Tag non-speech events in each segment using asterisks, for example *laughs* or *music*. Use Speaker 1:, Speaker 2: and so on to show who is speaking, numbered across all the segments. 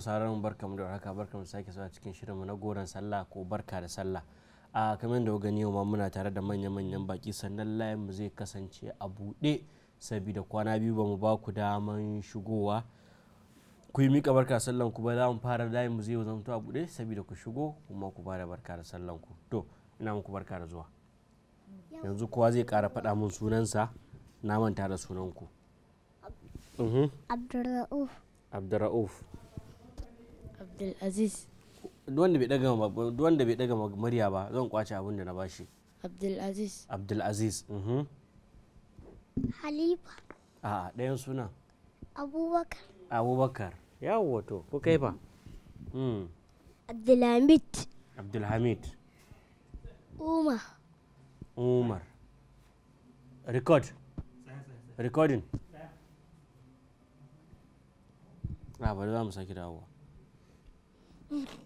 Speaker 1: sauraron barka mu da warhaka barka mu sake zuwa cikin shirin mu na goron sallah ko barka da sallah a kamar da gani yau ma muna tare da manya-manyan baki sannan layin mu zai kasance a buɗe saboda kwana biyu ba mu ba ku daman shigowa ku yi mika barka sallan ku ba za mu fara layin mu zai zanto a buɗe saboda ku shigo kuma ku ba barka da sallan ku to ina muku barka da zuwa yanzu kowa zai kara faɗa mun sunansa na manta da sunanku.
Speaker 2: Abdurra'uf. Mhm.
Speaker 1: Abdurra'uf.
Speaker 2: Abdulaziz.
Speaker 1: Wanda bai daga murya ba zan kwace abin da na bashi.
Speaker 2: Abdulaziz.
Speaker 1: Abdulaziz. Mhm. Halifa. A'a ɗayan suna.
Speaker 3: Abubakar.
Speaker 1: Abubakar. Ya wato ko kai ba. Mm.
Speaker 4: Abdulhamid.
Speaker 1: Abdulhamid. Umar. Umar. Record. Recording. Ah, bari za mu sake dawowa. Mm-hmm.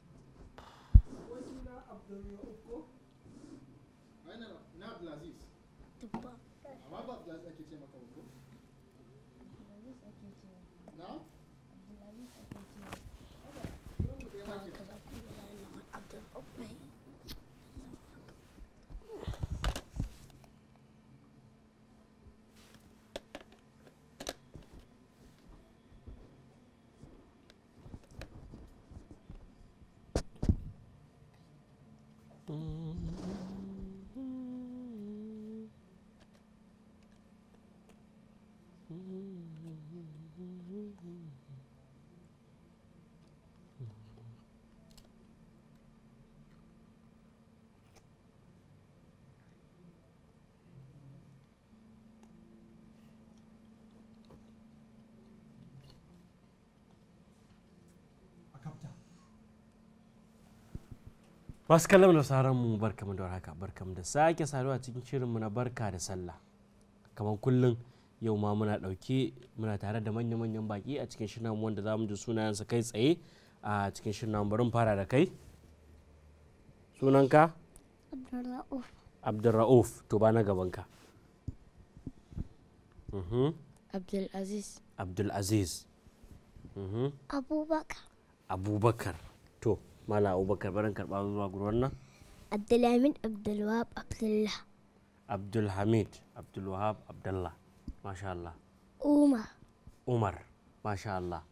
Speaker 1: masu kallon da sauran mu barkamu da warhaka barkamu da sake saduwa cikin shirinmu na barka da sallah kamar kullum yau ma muna dauke muna tare da manya-manyan baki a cikin shirin wanda za mu ji sunayensa kai tsaye a cikin shirin barin fara da kai sunanka
Speaker 2: abdulra'uf
Speaker 1: abdulra'uf to ba na gabanka mhm.
Speaker 2: abdulaziz
Speaker 1: abdulaziz mhm.
Speaker 3: abubakar
Speaker 1: abubakar مالا أبو بكر بران كرب عبد قرونا
Speaker 3: عبد الحميد عبد الوهاب عبد الله
Speaker 1: عبد الحميد عبد الوهاب عبد الله ما شاء الله عمر عمر ما شاء الله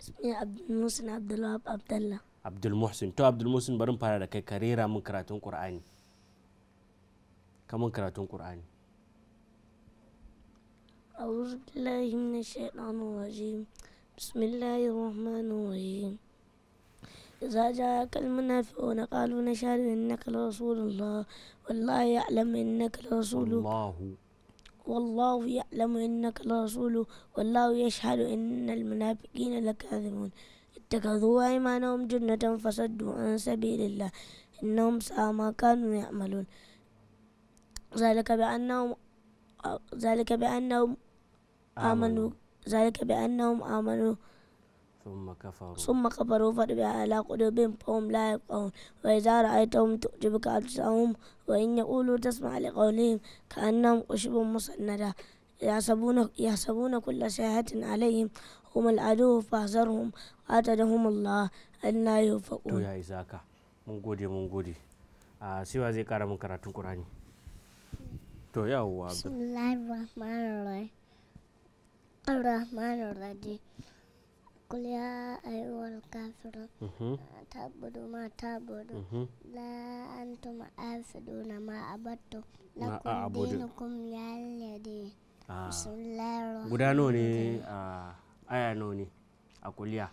Speaker 5: اسمي عبد المحسن عبد الوهاب عبد الله
Speaker 1: عبد المحسن تو عبد المحسن برن بارا دا كي كاريرا من كراتون قرآن كم كراتون قرآن
Speaker 5: أعوذ بالله من الشيطان الرجيم بسم الله الرحمن الرحيم إذا جاءك المنافقون قالوا نشهد إنك لرسول الله والله يعلم إنك لرسوله الله والله يعلم إنك لرسوله والله يشهد إن المنافقين لكاذبون اتخذوا أيمانهم جنة فصدوا عن سبيل الله إنهم ساء ما كانوا يعملون ذلك بأنهم ذلك بأنهم آمنوا ذلك بأنهم آمنوا summa kafaru faɗi bai ala ƙudu bin fahim layi ƙwan bai za a ta hum ta ka ta samun bai yi ulu ta suna ka an nan ƙushi bin musanada ya sabu na kula sai hatin alayhim kuma al'adu fa zar hum da hum Allah na yi faɗo.
Speaker 3: kulya aiwar kafiro mhm. uh, ta budu ma ta budu la mhm. an tuma afido na ma a batu na kundin kum ya lade musulero guda ne
Speaker 1: a aya noni a kulya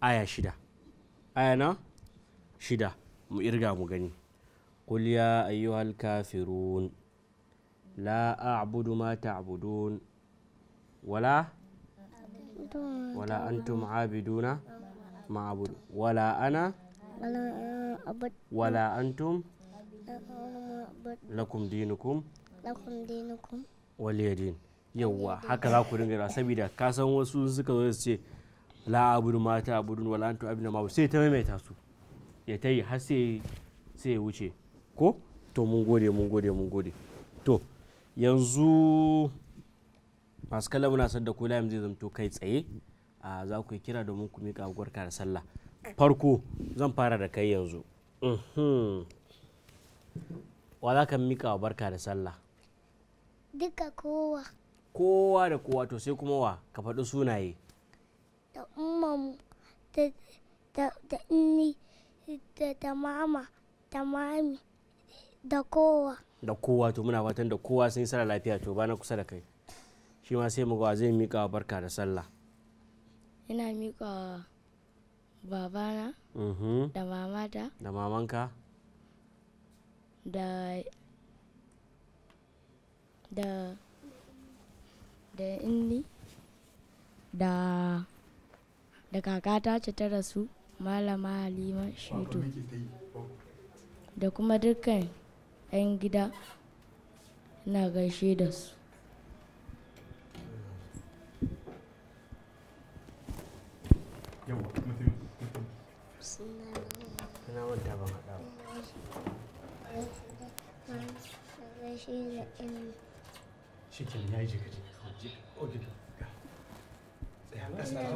Speaker 1: aya shida aya na shida mu irga mu gani kulya ayyuhal kafirun la a a'budu ma ta ta'budun wala wala antum abiduna wala ana wala antum lakum dinukum haka za ku dinga saboda ka san wasu suka zo su ce la abudu mata abudun wala antum abiduna sai ta maimaita su ya tayi har sai ya wuce ko to mun gode mun to yanzu masu kallon muna da ku layin zai zamto kai tsaye a za ku kira domin ku miƙa gwarka da sallah farko zan fara da kai yanzu uhm. wa za ka miƙa wa barka da sallah
Speaker 3: duka kowa
Speaker 1: kowa da kowa to sai kuma wa ka faɗi sunaye
Speaker 3: da umarmu da inni da da mama da mami da
Speaker 2: kowa
Speaker 1: da kowa to muna fatan da kowa sun yi sara lafiya to ba na kusa da kai shi ma sai mu zai miƙa barka da sallah
Speaker 2: ina miƙa babana
Speaker 1: mm-hmm. da
Speaker 2: mamata
Speaker 1: da mamanka
Speaker 2: da da da inni da da kakata ce ta rasu malama halima shitu da kuma dukkan 'yan gida na gaishe da su yawa mutum
Speaker 6: na manta ban haɗa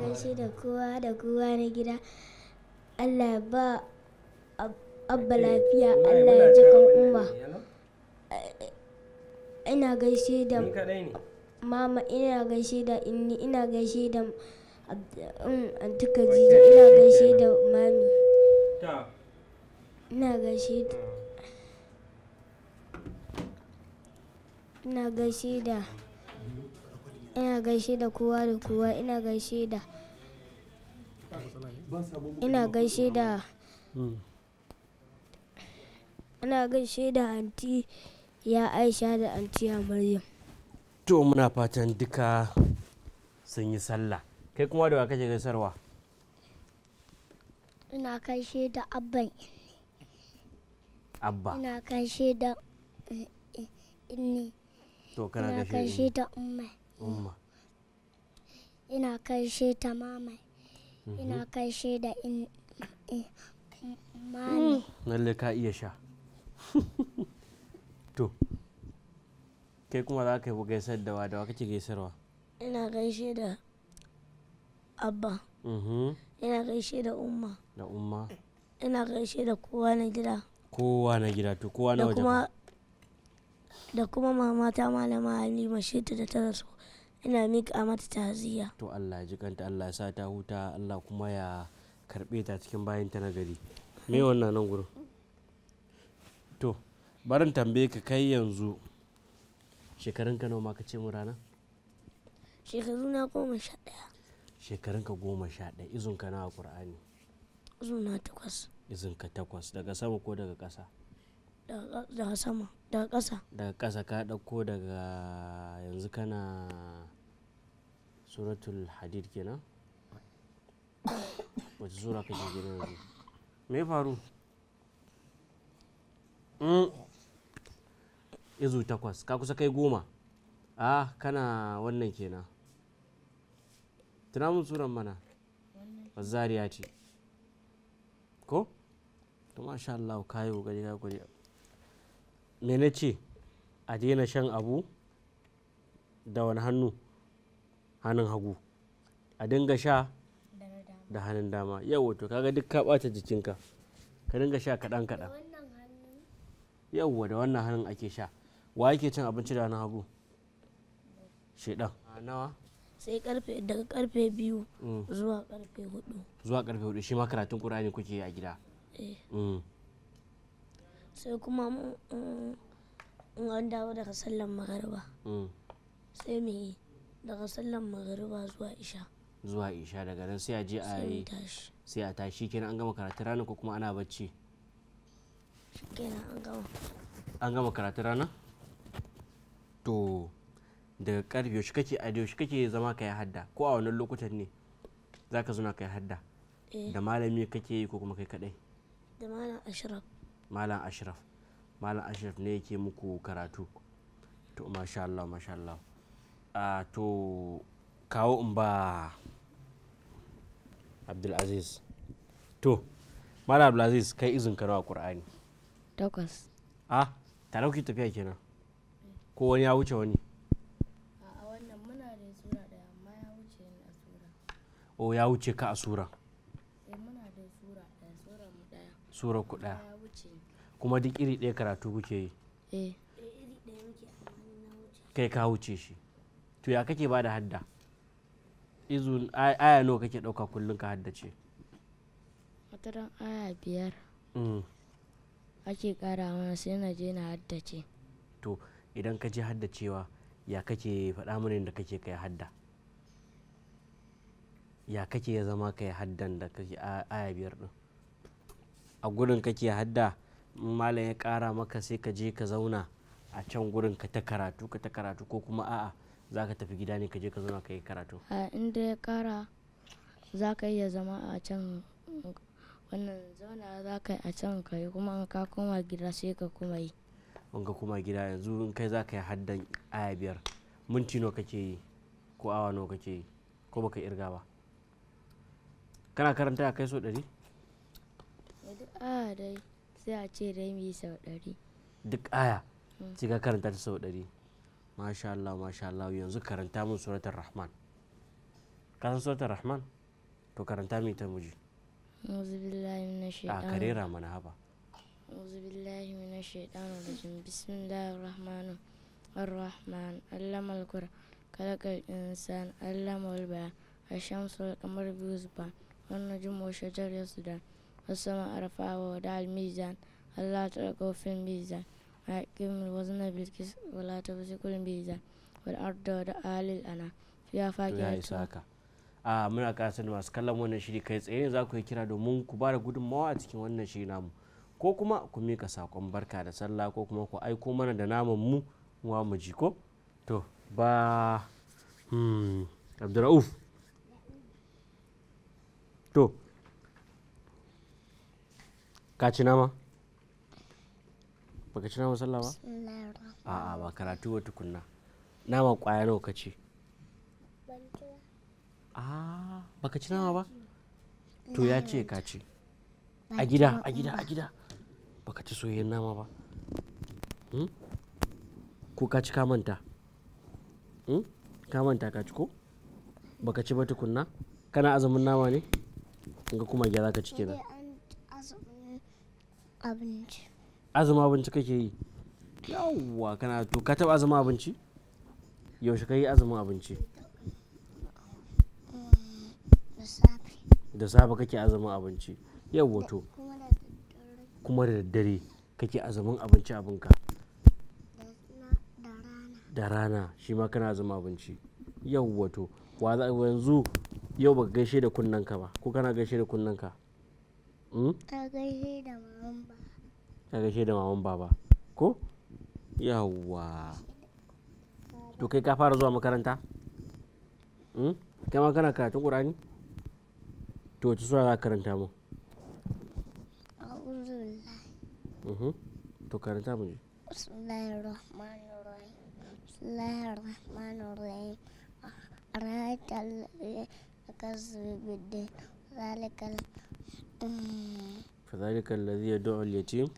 Speaker 6: ba shi da
Speaker 4: kowa da kowa na gida allah ba abba lafiya allah ya ji kan umma ina gaishe da mama ina gaishe da inni ina gaishe da an tuka jiji ina gaishe da mami ina gaishe
Speaker 1: da hmm.
Speaker 4: ina gaishe da ina gaishe da kowa da kowa ina gaishe da
Speaker 6: ina gaishe
Speaker 4: da ina gaishe da anti ya aisha da anti ya maryam
Speaker 1: to muna fatan duka sun yi sallah kai kuma da wa kake gaisarwa
Speaker 3: ina kaishe da abban abba ina kaishe da eh, eh, inni to kana ina kaishe da umma umma ina kaishe da mama mhm. ina kaishe da in mani mm.
Speaker 1: lalle ka iya sha *laughs* to kai kuma za ka yi gaisar da wa da wa kake gaisarwa
Speaker 5: ina gaishe da abba mm-hmm. ina gaishe da umma da umma ina gaishe da kowa na gida
Speaker 1: kowa na gida to kowa na wajen
Speaker 5: da kuma mama ta malama halima shita da ta rasu ina miƙa mata taziya
Speaker 1: to allah ji kanta allah sa ta huta allah kuma ya karbe ta cikin bayan ta nagari me wannan nan gurin to barin tambaye ka kai yanzu shekarun ka nawa ma ka ce mu rana
Speaker 5: shekaru na goma sha ɗaya
Speaker 1: shekarunka goma sha ɗaya izinka a ƙur'ani
Speaker 5: izinka takwas
Speaker 1: izinka takwas daga sama ko daga ƙasa
Speaker 5: daga sama daga ƙasa
Speaker 1: daga ƙasa ka ɗauko daga yanzu kana suratul hadid kenan wace sura kake gina yanzu me faru hmm. izu takwas ka kusa kai goma ah kana wannan kenan tuna mun mana zariya ce ko to masha Allah ka yi kokari ka kokari na ce a daina shan abu da wani hannu hannun hagu a dinga sha da hannun dama yau to kaga duk ka bata jikinka ka dinga sha kaɗan kaɗan yawa da wannan hannun ake sha wa yake cin abinci da hannun hagu shaidan nawa
Speaker 5: sai karfe daga karfe biyu mm. zuwa karfe hudu
Speaker 1: zuwa karfe hudu shi ma karatun qur'ani kuke a gida eh. mm.
Speaker 5: sai kuma mun mm, an dawo daga sallan magariba sai mu yi daga sallan magariba zuwa isha
Speaker 1: zuwa isha daga nan sai a je a yi sai a tashi kenan an gama karatun rana ko kuma ana bacci
Speaker 5: kenan an gama
Speaker 1: an gama karatun rana to daga karfe yaushe kake a yaushe kake zama kai hadda ko a wannan lokutan ne zaka zuna kai hadda eh. da malami kake yi ko kuma kai kadai
Speaker 5: da malam ashraf
Speaker 1: malam ashraf malam ashraf ne yake muku karatu to masha Allah masha Allah a to kawo in ba abdulaziz to malam abdulaziz kai izin ka nawa qur'ani takwas ah tare tafiya kenan ko wani ya wuce wani o ya wuce ka a sura
Speaker 5: eh, sura ku ɗaya
Speaker 1: kuma duk iri ɗaya karatu kuke yi eh. Eh, kai ka wuce shi to ya kake ba da hadda Izun aya nawa kake ɗauka kullum ka haddace
Speaker 2: mataran aya biyar mm. ake ƙara mana sai na je na haddace
Speaker 1: to idan ka je haddacewa ya kake faɗa mana da kake kai hadda ya kake ya zama kai haddan da kake aya biyar din a gurin kake hadda malam ya kara maka sai ka je ka zauna a can gurin ka ta karatu ka ta karatu ko kuma a'a za ka tafi gida ne ka je ka zauna ka yi karatu
Speaker 2: a inda ya kara za ka iya zama a can wannan zauna za ka yi a can ka yi kuma in ka koma gida sai ka kuma yi
Speaker 1: in ka koma gida yanzu in kai za ka yi haddan aya biyar minti nawa kake yi ko awa nawa kake yi ko baka irga ba kana karanta a kai so ɗari?
Speaker 2: duk dai sai a ce dai mu sau ɗari
Speaker 1: duk aya mm. sai ka karanta ta sau ɗari masha Allah masha Allah yanzu karanta mun suratar rahman ka suratar rahman to karanta mai ta muji
Speaker 2: a بالله mana الشيطان آه كريرة من هبا أعوذ بالله من wannan jumo'a shajar ya su da musamman arafa wa da almizan allah ta daga ofin mizan a yakin wazina bilkis wala ta wasu kulin mizan wa da arda da alil ana ya fage ya isa haka
Speaker 1: a muna kasa da masu kallon wannan shiri kai tsaye za ku yi kira domin ku bada gudunmawa a cikin wannan shiri namu ko kuma ku mika saƙon barka da sallah ko kuma ku aiko mana da naman mu wa mu ko to ba hmm abdurrauf to ka ci nama ka ci nama sallah ba a'a ba karatu wa tukunna nama kwaya nawa ka ci
Speaker 6: a ka ci nama ba to ya ce ka ci a gida a gida a gida
Speaker 1: Ba ka ci soyayyen nama ba hmm? ko ka ci kamanta hmm? kamanta ka ci ko baka ci ba tukunna kana azumin nama ne ga kuma gyara ka ciki nan
Speaker 3: abinci
Speaker 1: abinci kake yi yawwa kana to ka taba azumin abinci yaushe ka yi azumin abinci da safe kake azumin abinci yawwa to kuma da daddare kake azumin abinci abinka da rana shi ma kana azumin abinci yawwa to wa yanzu yau baka gaishe da kunnanka ba ko kana gaishe da kunnanka hmm?
Speaker 3: ka gaishe da maman ba
Speaker 1: ka gaishe da maman baba ko yawwa to kai ka fara zuwa makaranta hmm? kai ma kana karatun ƙur'ani to wace suna za ka karanta mu mm-hmm. to karanta mu ne
Speaker 3: Bismillahirrahmanirrahim. Bismillahirrahmanirrahim. Arahatan الكذب بالدين ذلك ال...
Speaker 1: فذلك الذي يدعو اليتيم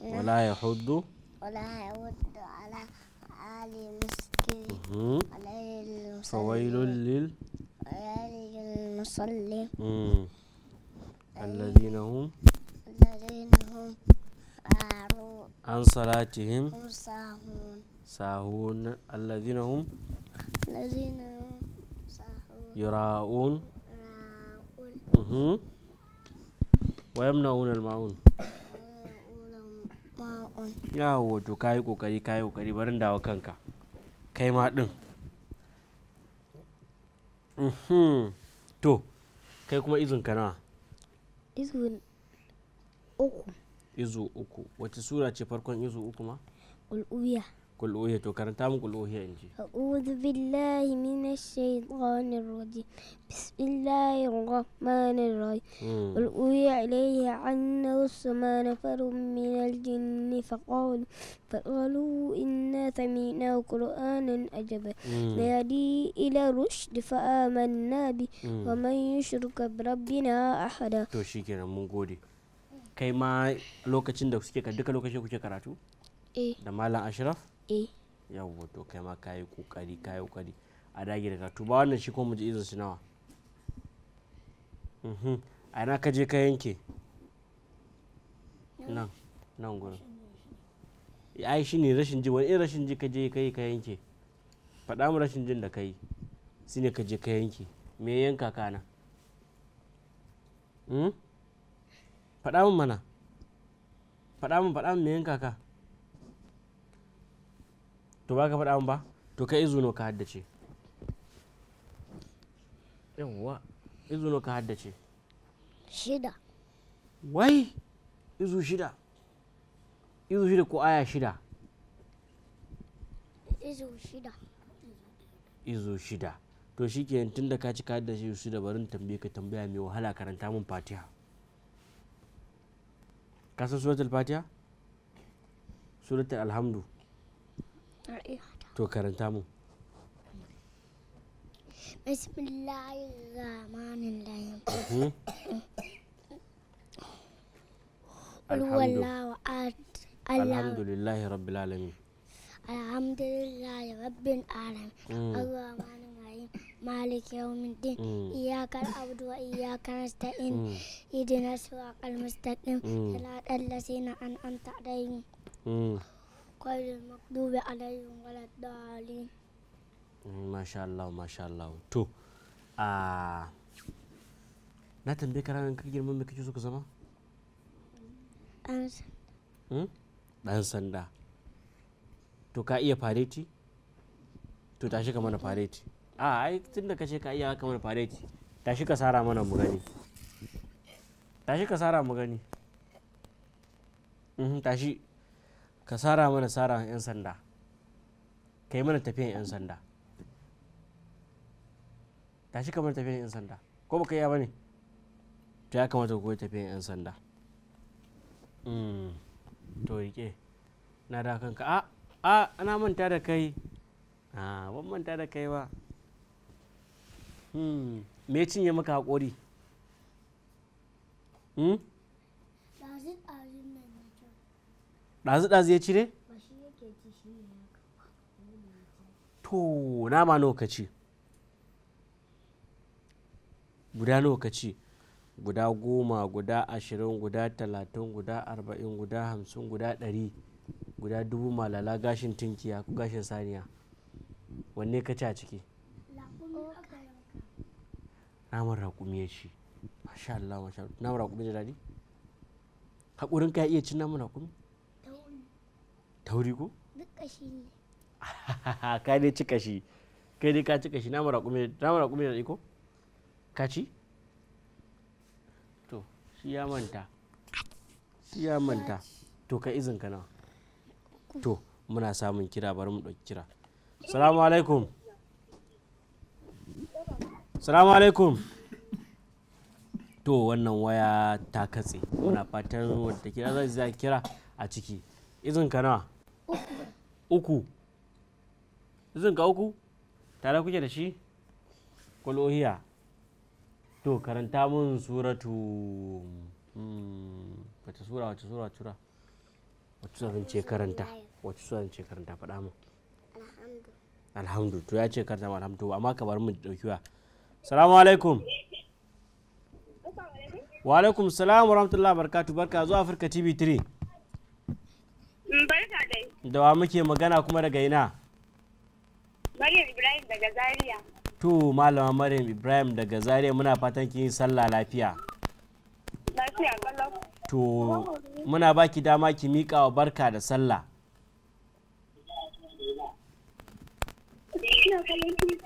Speaker 1: ولا يحض
Speaker 3: ولا يحض على
Speaker 1: آل المسكين فويل لل
Speaker 3: المصلين
Speaker 1: الذين هم
Speaker 3: الذين هم
Speaker 1: عن صلاتهم ساهون sahun allazina hum yura'un wa yamna'un al-ma'un yawo to kayi kokari kayi kokari barin dawo kanka kai ma din to kai kuma izin ka nawa izin uku izu uku wace sura ce farkon izu uku ma ul'uya قل أوهي تو karanta mu قل أوهي
Speaker 4: أعوذ بالله من الشيطان الرجيم بسم الله الرحمن الرحيم قل أوهي عليه عنا سمع نفر من الجن فقالوا فقالوا إنا سمعنا قرآنا عجبا نادي إلى الرشد فآمنا به ومن يشرك بربنا أحدا
Speaker 1: to shikenan mun gode kai ma lokacin da suke duka lokacin kuke karatu ashraf eh to kai ma kayi kokari kayi kokari a dage da to ba wannan shi ko mu ji izin shi nawa mhm. a na ka je ka yanke nan nan gurin ai shi ne rashin ji wani rashin ji ka je ka yi ka yanke faɗa mu rashin jin da ka yi shi ne ka je ka yanke me yanka kana hmm? faɗa mu mana faɗa mu faɗa mu me yanka ka to ba ka faɗa min ba to kai izu ka haddace yawwa izu ka haddace shida wai izu shida izu shida ko aya shida
Speaker 3: izu shida
Speaker 1: izu shida to shi ke tun da ka ci ka haddace shi shida barin tambaye ka tambaya mai wahala karanta mun fatiha ka san suratul fatiha suratul alhamdu to karanta mu
Speaker 3: bismillahirrahmanirrahim mhm. alhamdulillahi
Speaker 1: rabbil alamin
Speaker 3: alhamdulillahi rabbil alamin mm. arrahmanir مالك يوم الدين إياك العبد وإياك نستعين اهدنا الصراط المستقيم صراط الذين أنعمت عليهم غير المغضوب عليهم ولا الضالين
Speaker 1: ما شاء الله ما شاء na tambaye ka ranar girman mai kake zama? ɗan sanda to ka iya fareti? to tashi ka mana fareti a tun da kace ka iya tashi ka sara mana tashi ka sara mhm, tashi ka sara mana sara 'yan sanda ka yi mana tafiyan 'yan sanda tashi ka mana tafiyan 'yan sanda ko baka yi ba ne to ya kamata ku tafiyan 'yan sanda hmm, to rike na da kanka a a ana manta da kai a ban manta da kai ba hmm, me cinye maka haƙori hmm? ɗazu ɗazu ya cire? to nama nawa ka ci guda nawa ka ci guda goma guda ashirin guda talatin guda arba'in guda hamsin guda ɗari guda dubu malala gashin tunkiya ko gashin saniya wanne ka ci a ciki naman raƙumi ya ci masha Allah masha Allah naman raƙumi da daɗi haƙurin ka iya cin naman raƙumi tauri ko duk ne *laughs* ka ci kashi kai ne ka ci kashi na mara kuma na iko ka ci to shi ya manta shi ya manta to ka izin ka nawa to muna samun kira bari mu ɗauki kira salamu alaikum salamu alaikum to wannan waya ta katse muna fatan wadda kira zai kira a ciki izin ka nawa uku zin ka uku tare kuke da shi kulohiya to karanta mun suratu hmm, wace sura wace sura wace sura wace sura zan ce karanta wace sura zan ce karanta faɗa mu alhamdu to ya ce karanta alhamdu amma ka bar mu dauki salamu alaikum wa alaikum salam wa rahmatullahi barakatu barka zuwa afirka tv 3
Speaker 7: Mm, barka dai.
Speaker 1: Da wa muke magana kuma daga ina?
Speaker 7: Maryam Ibrahim daga Zaria.
Speaker 1: To malama Maryam Ibrahim daga Zaria muna fatan kin sallah lafiya. Lafiya To muna baki dama ki miƙa wa barka da sallah.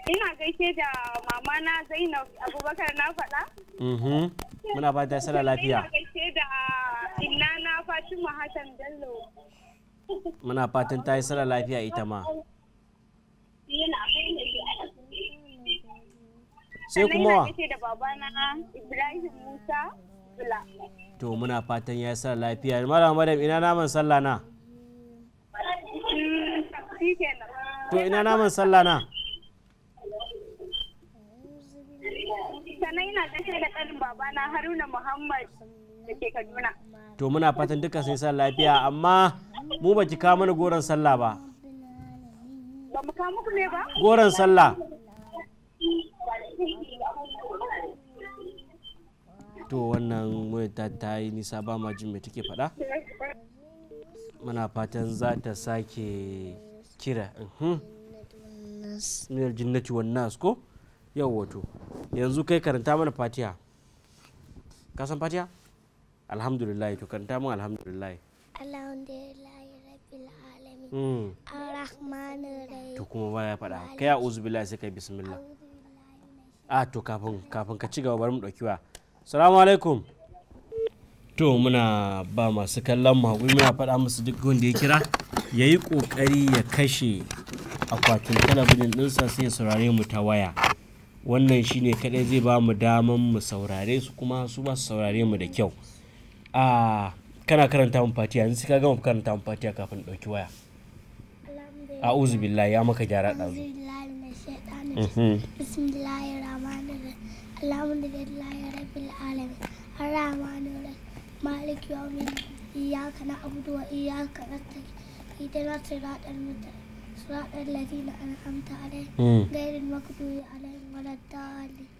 Speaker 7: Ina gaishe da mama na Zainab Abubakar na faɗa?
Speaker 1: Mm-hmm. Muna fata sallah lafiya. Ina
Speaker 7: gaishe da inna na Fatima Hassan Bello.
Speaker 1: muna fatan ta yi sara lafiya ita ma sai kuma wa to muna fatan ya yi sara lafiya mara madam ina naman sallah na to ina naman sallah na
Speaker 7: sannan ina gaishe da ƙarin babana haruna muhammad da ke kaduna
Speaker 1: to muna fatan duka sun sa lafiya amma mu ba ki kawo mana goron sallah ba
Speaker 7: ba mu kawo muku ne ba goron sallah
Speaker 1: to wannan wayata ta yi nisa ba ma jin me take faɗa muna fatan za ta sake kira uhm, minar jinnati wannan nas ko yau wato yanzu kai karanta mana fatiha ka san fatiha alhamdulillah to karanta mun alhamdulillah
Speaker 3: alhamdulillah Mm.
Speaker 1: to kuma ba ya faɗa kai a uzu billahi sai kai bismillah a ah, to kafin kafin ka ci gaba bari mu ɗauki wa salamu alaikum to muna ba masu kallon mu haƙuri muna faɗa musu duk wanda ya kira ya yi ƙoƙari ya kashe akwatin talabijin ɗinsa sai ya saurare mu ta waya wannan shine kaɗai zai ba mu daman mu saurare su kuma su ba su saurare mu da kyau a ah, kana karanta mun fatiya yanzu sai ka gama karanta mun fatiya kafin ɗauki waya a'udhu billahi ya maka gyara ɗan zuwa.
Speaker 3: rahmanir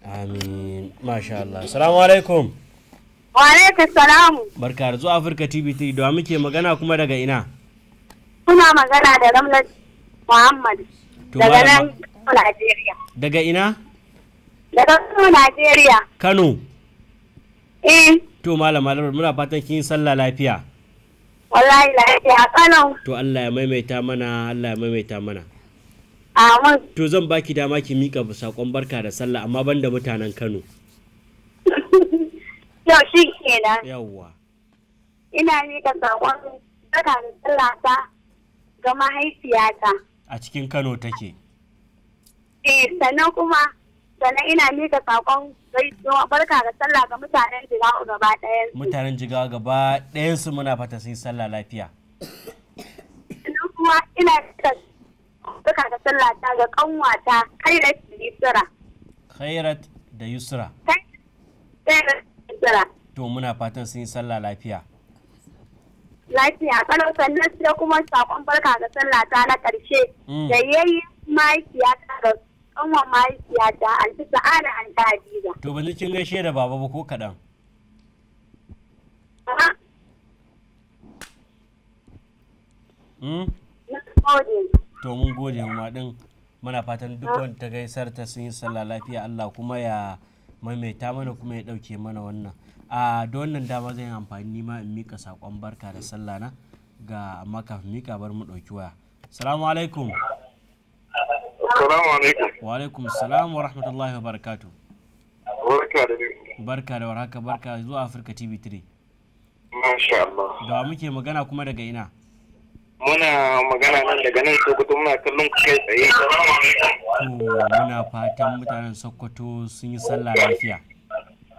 Speaker 1: amin masha Allah alaikum
Speaker 7: wa alaikum
Speaker 1: barka da zuwa Afirka TV3 da muke magana kuma daga ina
Speaker 7: kuna magana da ramlan. Muhammad daga nan Najeriya. Daga ina? Daga Kano Najeriya.
Speaker 1: Kano. Eh. To malama muna fatan kin sallah lafiya.
Speaker 7: Wallahi lafiya Kano.
Speaker 1: To Allah ya maimaita mana Allah ya maimaita mana. Amin. To zan baki dama ki mika sakon barka da sallah amma ban da mutanen Kano.
Speaker 7: *laughs* Yau shi kenan. Yawwa. Ina mika sakon barka da sallah ta ga mahaifiyata.
Speaker 1: a cikin kano take
Speaker 7: eh sannan kuma sannan ina mika sakon gaisuwa barka ga sallah ga mutanen jigawa gaba ɗayan
Speaker 1: mutanen jigawa gaba ɗayan su muna fata sun sallah lafiya
Speaker 7: sannan kuma ina mika barka ga sallah ta ga kanwata khairat da yusra
Speaker 1: khairat da yusra khairat da yusra to muna fatan sun yi sallah lafiya
Speaker 7: lafiya kalau sannan sai kuma sakon barka ga sallah ta na karshe mm. da yayi mahaifiya ta da kanwan mahaifiya ta anti sa'ada an ta hadiza
Speaker 1: to ba kin gaishe da baba ba ko kadan mm? to mun gode ma din muna fatan duk wanda ta gaisar ta sun yi sallah lafiya Allah kuma ya maimaita mana kuma ya dauke mana wannan a da wannan dama zan yi amfani nima in mika saƙon barka da sallah na ga maka mika bar mu ɗauki waya salamu alaikum salamu alaikum wa alaikum salam wa rahmatullahi wa barakatu barka da barka da warhaka barka zuwa afirka tv 3
Speaker 6: masha Allah
Speaker 1: da muke magana kuma daga ina
Speaker 6: muna magana nan daga nan sokoto muna kallon ku kai tsaye
Speaker 1: muna fatan mutanen sokoto sun yi sallah lafiya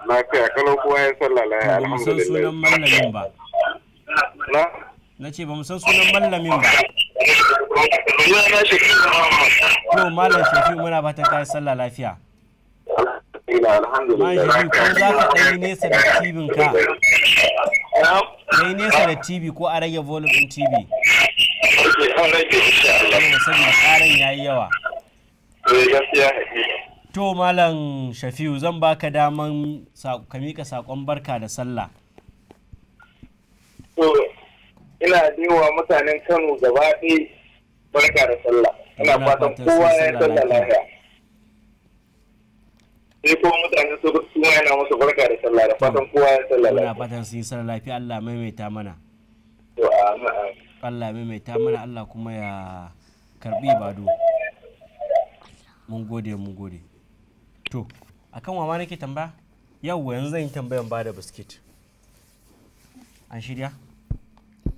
Speaker 6: na ce a kalau kowa ya sallah ya alhamdulillah. Ba mu san sunan mallamin ba. Na?
Speaker 1: Na ce ba mu san sunan mallamin ba. To malam Shafi'u muna fatan ka sallah lafiya.
Speaker 6: Malam Shafi'u ko za ka ɗan
Speaker 1: nesa da tibin ka. Kai nesa da TV ko a rage volume ɗin TV.
Speaker 6: Saboda
Speaker 1: ƙaran ya yi yawa. Eh gaskiya to malam shafiu zan baka daman ka mika sakon barka da sallah
Speaker 6: to ina wa mutanen kano gaba barka da sallah ina fatan kowa ya sallah lafiya sai kuma mutane su kuma yana musu barka da sallah da fatan mm. kowa ya sallah lafiya
Speaker 1: ina fatan sun yi sallah lafiya Allah maimaita mana
Speaker 6: to amin
Speaker 1: Allah maimaita mana Allah kuma ya karbi bado mun gode mun gode to akan wama nake tambaya yawwa yanzu zan yi tambayan ba da biskit an shirya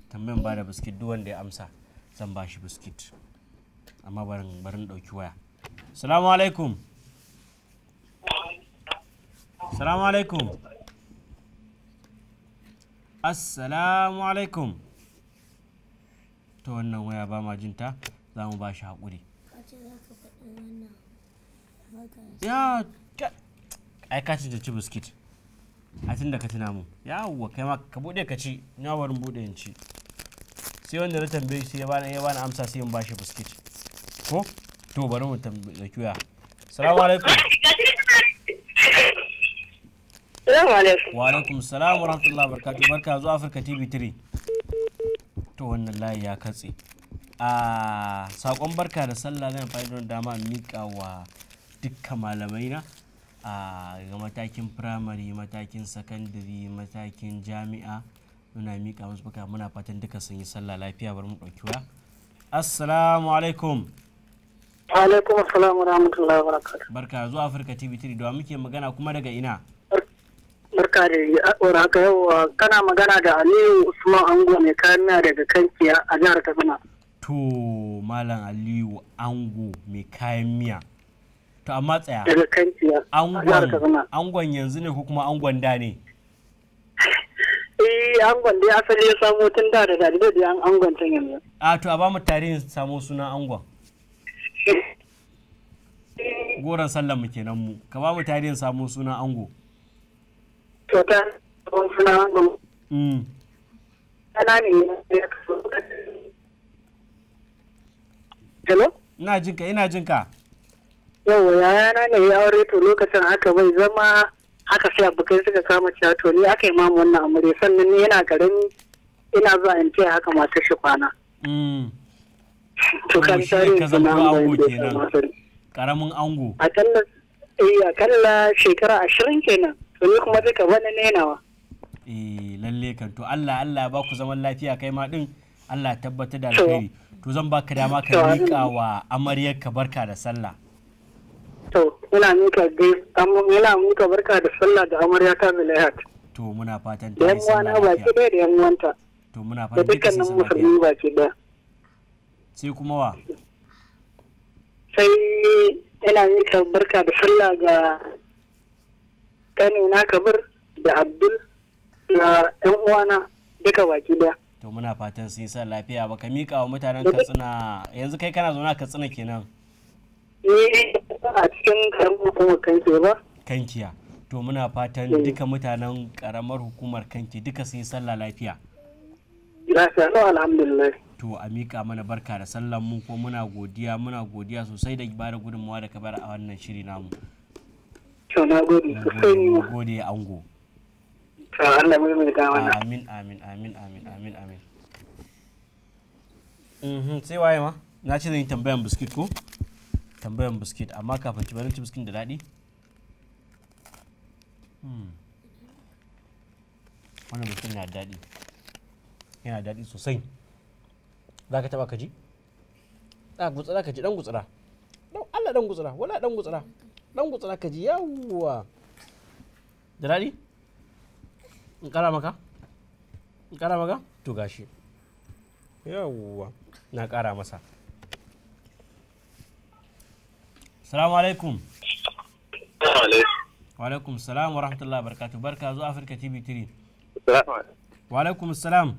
Speaker 1: tambayan ba da biskit duk wanda ya amsa zan ba shi biskit amma barin barin ɗauki waya salamu alaikum
Speaker 6: assalamu alaikum
Speaker 1: assalamu alaikum ta wannan waya ba ma jinta za mu ba shi haƙuri ya ai ka ci da ci biskit a tun da ka tuna Ya yawwa kai ma ka bude ka ci na warin bude in ci sai wanda na tambaye shi ya bani ya bani amsa sai in bashi biskit ko to bari mu tambaye ya assalamu alaikum assalamu alaikum wa alaikum assalam wa rahmatullahi wa barakatuh barka zuwa Africa TV 3 to wannan layi ya katse a ah, sakon barka da sallah zan fa'idon dama mika wa dukkan malamai na a ga matakin firamare matakin sakandare matakin jami'a muna miƙa musu baka muna fatan duka sun yi sallah lafiya bar mu ɗauki wa assalamu alaikum
Speaker 6: alaikum assalamu wa rahmatullahi wa barakatuh
Speaker 1: barka zuwa afirka tv 3 da muke magana kuma daga
Speaker 6: ina barka da haka yau kana magana da aliyu usman ango kayan miya daga kankiya a jihar kaduna
Speaker 1: to malam aliyu ango mai kayan miya to amma tsaya angon yanzu ne ko kuma angon da ne *laughs*
Speaker 6: eh angon dai asali ya samo tun da da dalibai da angon tun yanzu
Speaker 1: a to a ba mu tarihin samo sunan angon
Speaker 6: *laughs*
Speaker 1: goron sallan mu kenan mu ka ba mu tarihin samo sunan
Speaker 6: ango to ta suna ango mm ana ne hello
Speaker 1: ina jinka ina jinka
Speaker 6: yawa yayana ne ya aure to lokacin haka bai zama haka sai abokai suka kama cewa to ni aka yi mamu wannan amure sannan ni yana garin ina zuwa in ce haka masu shi kwana. Mm. to kan tare da ango kenan karamin ango kalla eh kalla shekara ashirin kenan to ni kuma duka wani ne nawa
Speaker 1: eh lalle kan to Allah Allah ba ku zaman lafiya kai ma din Allah tabbatar da alheri to zan baka dama ka miƙa wa amaryar ka barka da sallah
Speaker 6: Muna mika gai, muna mika barka da sallah da amarya ta lahat
Speaker 1: To muna fatan
Speaker 6: ta yi sallah lafiya. baki ɗaya da yan uwanta. To muna fatan sallah Da dukkanin musulmi baki ɗaya. Sai kuma wa? Sai ina nuka barka da sallah ga kano na kabir da Abdul da yan uwana duka baki ɗaya.
Speaker 1: To muna fatan sun yi sallah lafiya ba ka mika wa mutanen Katsina yanzu kai kana zaune a Katsina kenan.
Speaker 6: eh a cikin
Speaker 1: kankiya ba to muna fatan hmm. duka mutanen karamar hukumar kanki duka sun yi sallah lafiya
Speaker 6: alhamdulillah
Speaker 1: to a miƙa mana barka da sallan mu ko muna godiya muna godiya sosai da ba da gudunmawa da ka a wannan shiri namu to na gode sosai gode ango to Allah mai mai amin amin amin amin amin amin mhm, sai waye ma na ce zan yi tambayan biskit ko tambayan biskit amma kafin ci barin ci biskit da daɗi hmm. wannan biskit na daɗi yana daɗi sosai za ka taɓa ka ji? a gutsura ka ji ɗan gutsura don allah ɗan gutsura wala ɗan gutsura ɗan gutsura ka ji yawwa da daɗi? in ƙara maka? in ƙara maka? to gashi yawwa na ƙara masa salamu alaikum wa alaikum salam wa rahmatullahi barkatu barka zo afirka tv 3 wa alaikum salam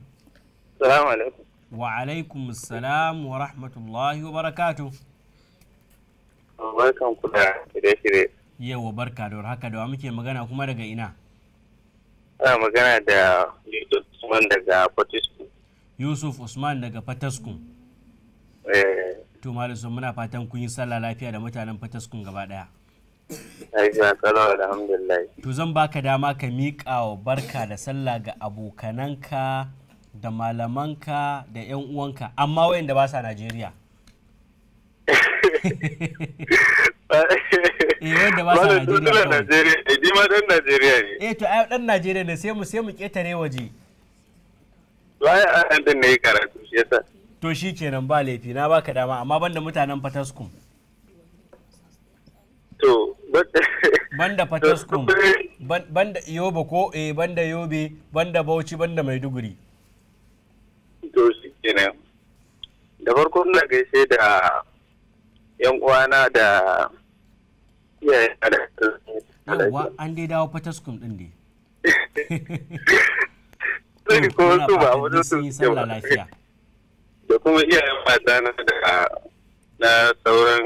Speaker 1: wa alaikum salam wa rahmatullahi wa barakatu
Speaker 6: barkan ku da shirye-shirye
Speaker 1: yawa barka da haka da muke magana kuma daga ina
Speaker 6: ana magana da yusuf usman daga fataskun
Speaker 1: yusuf usman daga fataskun eh. to malam sun muna fatan kun yi sallah lafiya da mutanen fataskun gaba daya to zan baka dama ka miƙa wa barka da sallah ga abokananka da malamanka da 'yan uwanka amma wayanda ba sa najeriya *laughs*
Speaker 6: eh wanda ba sa najeriya eh dan najeriya
Speaker 1: ne eh to ai dan najeriya ne sai mu sai mu ketare waje
Speaker 6: wai an dan ne karatu shi yasa
Speaker 1: to shi kenan ba laifi na baka dama amma banda mutanen fataskum to banda *laughs* fataskum banda yobe ko eh banda yobe banda bauchi banda maiduguri
Speaker 6: to shi kenan da farko na gaishe da yan uwana da iyayen da yawwa
Speaker 1: an dai dawo fataskum din
Speaker 6: ne *laughs* ko su ba wani
Speaker 1: su yi sallah lafiya
Speaker 6: da kuma iyayen mata na da na sauran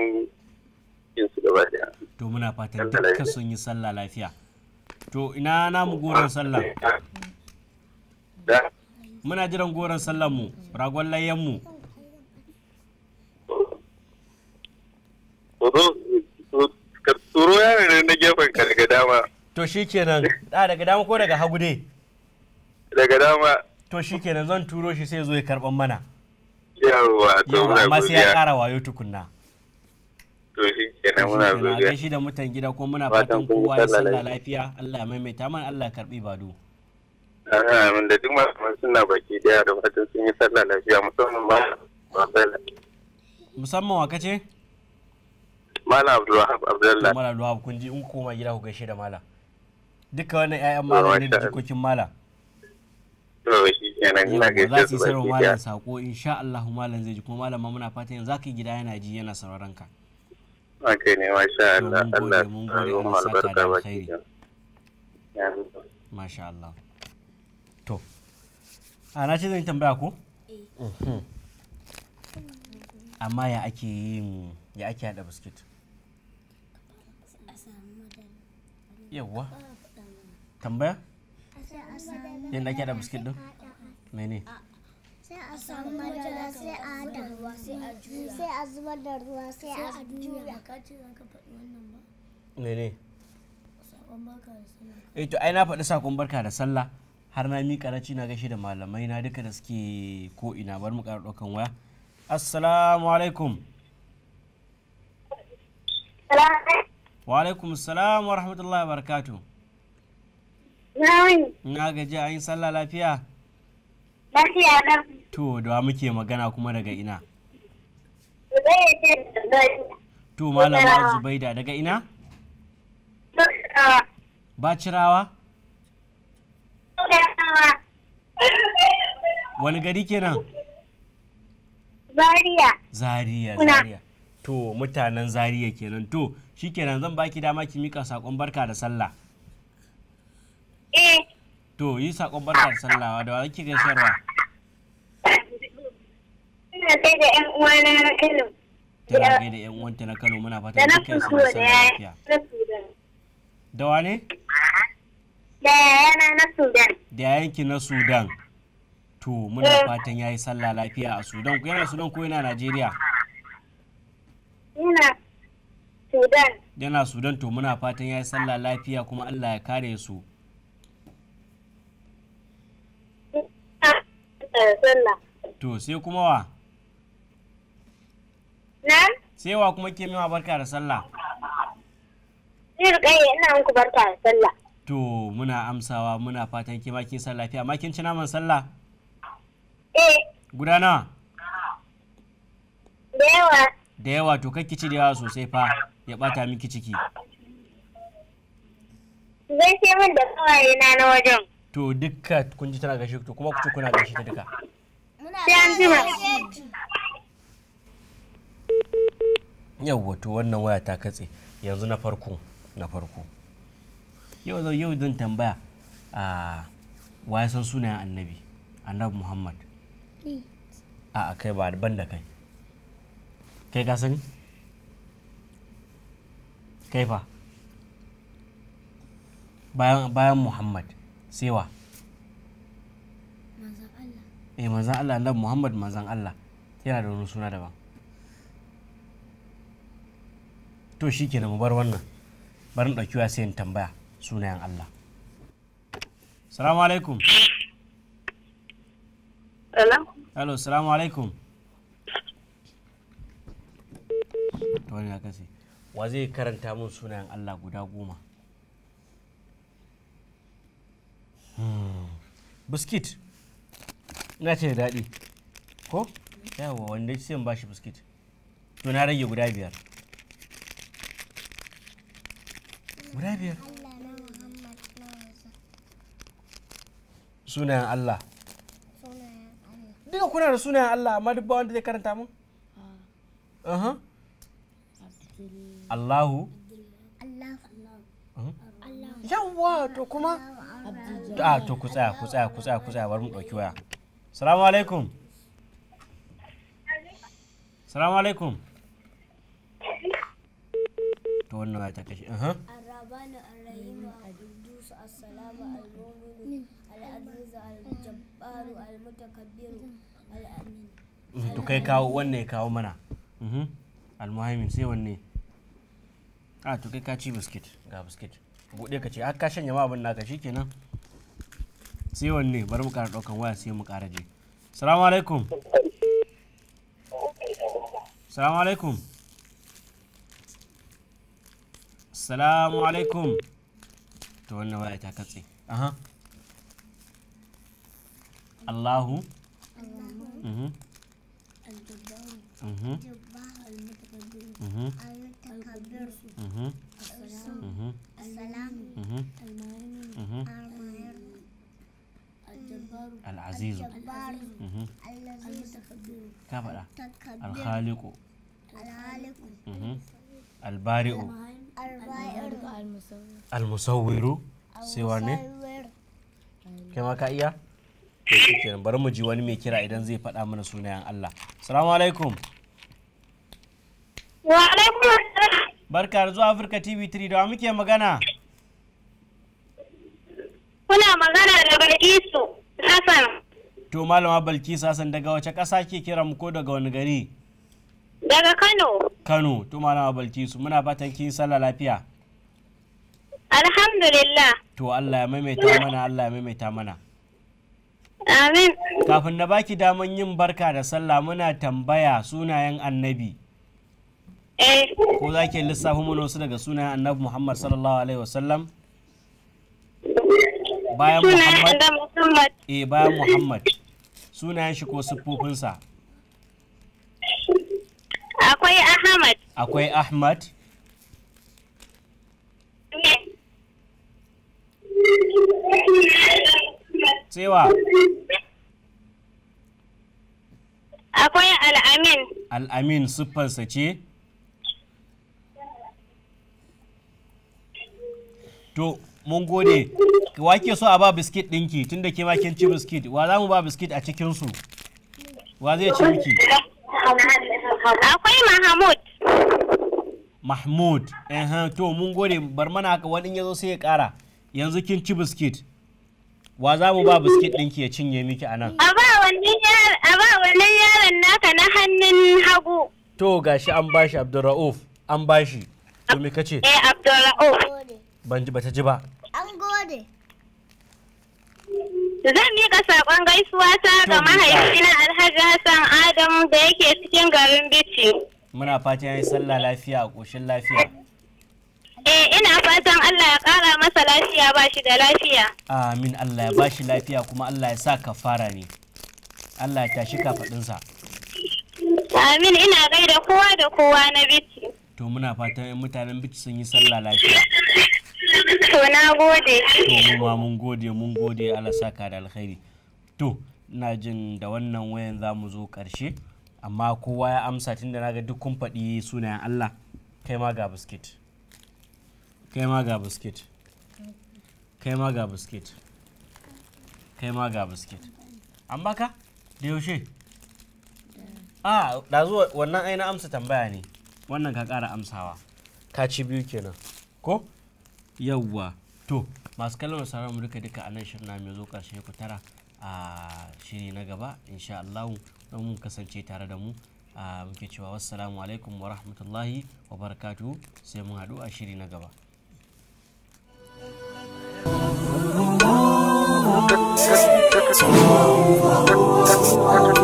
Speaker 6: yin su gaba daya
Speaker 1: to muna fatan dukkan sun yi sallah lafiya to ina namu goron sallah da muna jiran goron sallah mu ragon layan mu
Speaker 6: tsoro ya ne na gefen ka daga dama
Speaker 1: to shi kenan da daga dama ko daga hagu ne? daga dama to shi kenan zan turo shi sai zo ya karban mana
Speaker 6: Yawwa, to muna godiya. Amma sai ya kara
Speaker 1: wayo tukunna.
Speaker 6: To shi kenan muna godiya. Gaishe
Speaker 1: da mutan gida ko muna fatan kowa ya sallah lafiya, Allah ya maimaita mana Allah ya karbi bado.
Speaker 6: Amin da duk malaman suna baki daya da fatan sun yi sallah lafiya musamman ba
Speaker 1: Musamman wa kace?
Speaker 6: Malam Abdulwahab Abdullahi.
Speaker 1: Malam Abdulwahab kun ji in koma gida ku gaishe da malam. Duka wannan 'ya'yan malam ne da jikokin malam.
Speaker 6: za su malam sako
Speaker 1: insha Allah malam zai ji kuma malam muna fatan yanzu zaka gida yana ji yana sauraron
Speaker 6: ka haka ne masha Allah Allah mun gode mun saka da alkhairi masha Allah to
Speaker 1: ce zan tambaya ko eh. amma ya ake yin ya ake hada biskit yawwa tambaya yadda da biskit din mene
Speaker 3: sai a samu madara sai a hada sai a zubar da ruwa sai a juya
Speaker 5: mene
Speaker 1: eh to ai na faɗi sakon barka da sallah har na mika na na gashi da malamai na duka da suke ko ina bar mu ƙara ɗaukan waya assalamu alaikum wa alaikum salam wa rahmatullahi wa barakatuh
Speaker 7: Na
Speaker 1: gaji an yi sallah lafiya?
Speaker 7: Lafiya na.
Speaker 1: To, da muke magana kuma daga ina? To, malama Zubaida daga ina? Bacirawa? Wani gari kenan? Zaria. Zaria, Zaria. To, mutanen Zaria kenan. To, shi kenan zan baki dama ki mika saƙon barka da sallah. eh to yi sakon barkar sallawa da wa kike gaisarwa
Speaker 7: ina sai da yan uwana na Kano tana
Speaker 1: gaida yan uwanta na Kano muna fatan dukkan su da lafiya da wane
Speaker 7: da yana na Sudan
Speaker 1: da yayanki na Sudan to muna eh. fatan yayi sallah lafiya a Sudan ku yana Sudan ko yana Najeriya
Speaker 7: Ina Sudan
Speaker 1: yana Sudan to muna fatan yayi sallah lafiya kuma Allah ya kare su
Speaker 7: Eh,
Speaker 1: to sai kuma wa
Speaker 7: na sai
Speaker 1: wa kuma ke mewa barka da sallah
Speaker 7: Zai rikaye ina muku barka da sallah
Speaker 1: to muna amsawa muna fatan ke makin sallah lafiya makin ci naman sallah eh guda nawa da yawa da yawa to kakki ci da yawa sosai fa ya bata miki ciki
Speaker 7: zai sai min da kawai na na wajen
Speaker 1: to dukka kun ji tana gashi, to kuma ku ce kuna gashi ta duka yawwa to wannan waya ta katse yanzu na farko na farko yau zan yau zan tambaya a waya san sunayen annabi annabi muhammad a kai ba ban da kai kai ka sani kai fa bayan muhammad sewa eh manzan Allah Allah Muhammad manzan Allah yana da wani suna daban to shi ke mu bar wannan bari in ɗauki sai in tambaya sunayen Allah salamu alaikum hello salamu alaikum wani ya kasi wa zai karanta mun sunayen Allah guda goma biskit na ce da daɗi ko yawa wanda ce in shi biskit to na rage guda biyar guda biyar sunayen Allah duka kuna da sunayen Allah amma duk ba wanda zai karanta mun Allahu
Speaker 3: Allahu
Speaker 1: to kuma a ah, to ku tsaya ku tsaya ku tsaya ku tsaya bari mu ɗauki waya salamu alaikum salamu alaikum to wannan waya ta kashe aha
Speaker 4: arrabanu arrahimu al
Speaker 3: assalamu al al-aziz al-jabbar al-mutakabbir
Speaker 5: al-amin mm, to kai kawo wannan ya kawo mana
Speaker 1: mhm. al-muhaimin sai wanne a ah, to kai ka ci biskit ga biskit buɗe ka ce har ka shanya ma abin naka shikenan sai wanne bari mu kara ɗaukan waya sai mu kara je salamu alaikum salamu alaikum salamu alaikum to wannan waya ta katse aha allahu
Speaker 6: mhm. mhm mhm mhm, mhm. mhm.
Speaker 3: al'azizu ka faɗa alhaliku
Speaker 1: albari'u almusawwiru sai wane kai ma ka iya to shi kenan bari mu ji wani mai kira idan zai faɗa mana sunayen Allah assalamu alaikum wa alaikum barka da zuwa Afirka TV 3 da muke magana
Speaker 7: kuna magana da Bilkisu Hassan.
Speaker 1: To Malama Balkisu Hassan daga wace ƙasa ke kira mu ko daga wani gari?
Speaker 7: Daga Kano.
Speaker 1: Kano, to Malama Balkisu muna fatan kin sallah lafiya.
Speaker 7: Alhamdulillah.
Speaker 1: To Allah ya maimaita mana Allah ya maimaita mana. Amin. Kafin na baki daman yin barka da sallah muna tambaya sunayen annabi. Eh. Ko za ke lissafi mana wasu daga sunayen annabi Muhammad sallallahu alaihi wasallam? bayan Muhammad eh bayan Muhammad sunayen shi ko siffofinsa
Speaker 7: akwai Ahmad
Speaker 1: akwai Ahmad Tsewa.
Speaker 7: Akwai al'amin.
Speaker 1: Al'amin siffarsa ce? To, mun gode wa ke so a ba biskit ɗinki tunda ke ma kin ci biskit wa za mu ba biskit a cikin su wa zai ci miki
Speaker 7: akwai mahmud
Speaker 1: mahmud eh to mun gode bar mana haka wani ya zo sai ya kara yanzu kin ci biskit wa za mu ba biskit ɗinki ya cinye miki a nan
Speaker 7: a ba wannan yaron naka na hannun hagu
Speaker 1: to gashi an bashi abdurra'uf an bashi to me kace eh
Speaker 7: abdurra'uf
Speaker 1: ban ji bata ji ba
Speaker 3: an gode
Speaker 7: zan miƙa saƙon gaisuwa ta ga mahaifina alhaji hassan adamu da yake cikin garin Bichi.
Speaker 1: muna fatan ya yi sallah lafiya a ƙoshin lafiya
Speaker 7: Eh ina fatan Allah ya ƙara masa lafiya ba shi da lafiya.
Speaker 1: Amin Allah ya ba shi lafiya kuma Allah ya sa ka fara ne. Allah ya tashi kafaɗinsa.
Speaker 7: Amin ina gaida kowa da kowa na Bichi.
Speaker 1: To muna fatan mutanen Bichi sun yi sallah lafiya.
Speaker 6: To na gode.
Speaker 1: To mu ma mun gode mun gode Allah saka da alkhairi. To ina jin da wannan wayan za mu zo ƙarshe amma kowa ya amsa tunda na ga duk kun faɗi sunayen Allah kai ma ga biskit. Kai ma ga biskit. Kai ma ga biskit. Kai ma ga biskit. An baka? Da yaushe? A ah, ɗazu wannan aina amsa tambaya ne. Wannan ka ƙara amsawa. Ka ci biyu kenan. Ko? yawwa to masu kallon sauran amurka duka a nan shirin mai zo karshe ku tara a shiri na gaba insha Allah don mun kasance tare da mu a muke cewa wassalamu alaikum wa rahmatullahi wa barakatu sai mun haɗu a shiri na gaba
Speaker 6: Oh,